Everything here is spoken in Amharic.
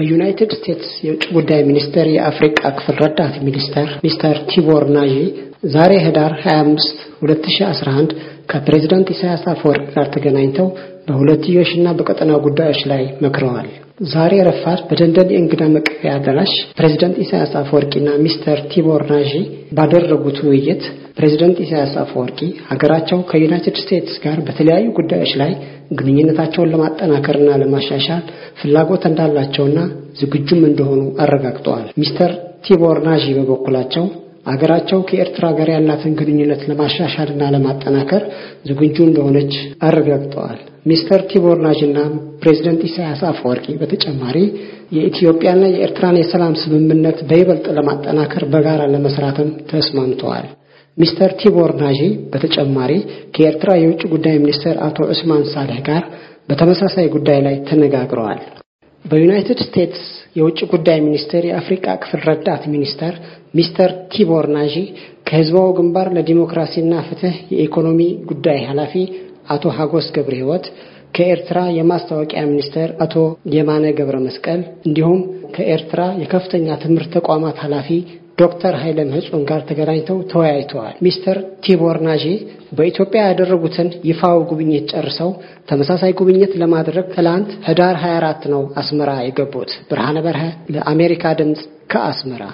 በዩናይትድ ስቴትስ የውጭ ጉዳይ ሚኒስቴር የአፍሪቃ ክፍል ረዳት ሚኒስተር ሚስተር ቲቦር ናዢ ዛሬ ህዳር 25 2011 ከፕሬዚዳንት ኢሳያስ አፈወርቅ ጋር ተገናኝተው በሁለትዮሽና በቀጠና ጉዳዮች ላይ መክረዋል። ዛሬ ረፋድ በደንደን የእንግዳ መቀበያ አዳራሽ ፕሬዚዳንት ኢሳያስ አፈወርቂና ሚስተር ቲቦር ናዢ ባደረጉት ውይይት ፕሬዚደንት ኢሳያስ አፈወርቂ ሀገራቸው ከዩናይትድ ስቴትስ ጋር በተለያዩ ጉዳዮች ላይ ግንኙነታቸውን ለማጠናከርና ለማሻሻል ፍላጎት እንዳላቸውና ዝግጁም እንደሆኑ አረጋግጠዋል። ሚስተር ቲቦር ናዢ በበኩላቸው አገራቸው ከኤርትራ ጋር ያላትን ግንኙነት ለማሻሻልና ለማጠናከር ዝግጁ እንደሆነች አረጋግጠዋል። ሚስተር ቲቦር ናጅና ፕሬዚደንት ኢሳያስ አፈወርቂ በተጨማሪ የኢትዮጵያና የኤርትራን የሰላም ስምምነት በይበልጥ ለማጠናከር በጋራ ለመስራትም ተስማምተዋል። ሚስተር ቲቦር ናጂ በተጨማሪ ከኤርትራ የውጭ ጉዳይ ሚኒስትር አቶ ዑስማን ሳልህ ጋር በተመሳሳይ ጉዳይ ላይ ተነጋግረዋል። በዩናይትድ ስቴትስ የውጭ ጉዳይ ሚኒስቴር የአፍሪቃ ክፍል ረዳት ሚኒስተር ሚስተር ቲቦር ናጂ ከህዝባው ግንባር ለዲሞክራሲና ፍትህ የኢኮኖሚ ጉዳይ ኃላፊ አቶ ሀጎስ ገብረ ህይወት ከኤርትራ የማስታወቂያ ሚኒስቴር አቶ የማነ ገብረ መስቀል እንዲሁም ከኤርትራ የከፍተኛ ትምህርት ተቋማት ኃላፊ ዶክተር ኃይለ ምህጹን ጋር ተገናኝተው ተወያይተዋል። ሚስተር ቲቦር ናጂ በኢትዮጵያ ያደረጉትን ይፋው ጉብኝት ጨርሰው ተመሳሳይ ጉብኝት ለማድረግ ትላንት ህዳር 24 ነው አስመራ የገቡት። ብርሃነ በርሀ ለአሜሪካ ድምፅ ከአስመራ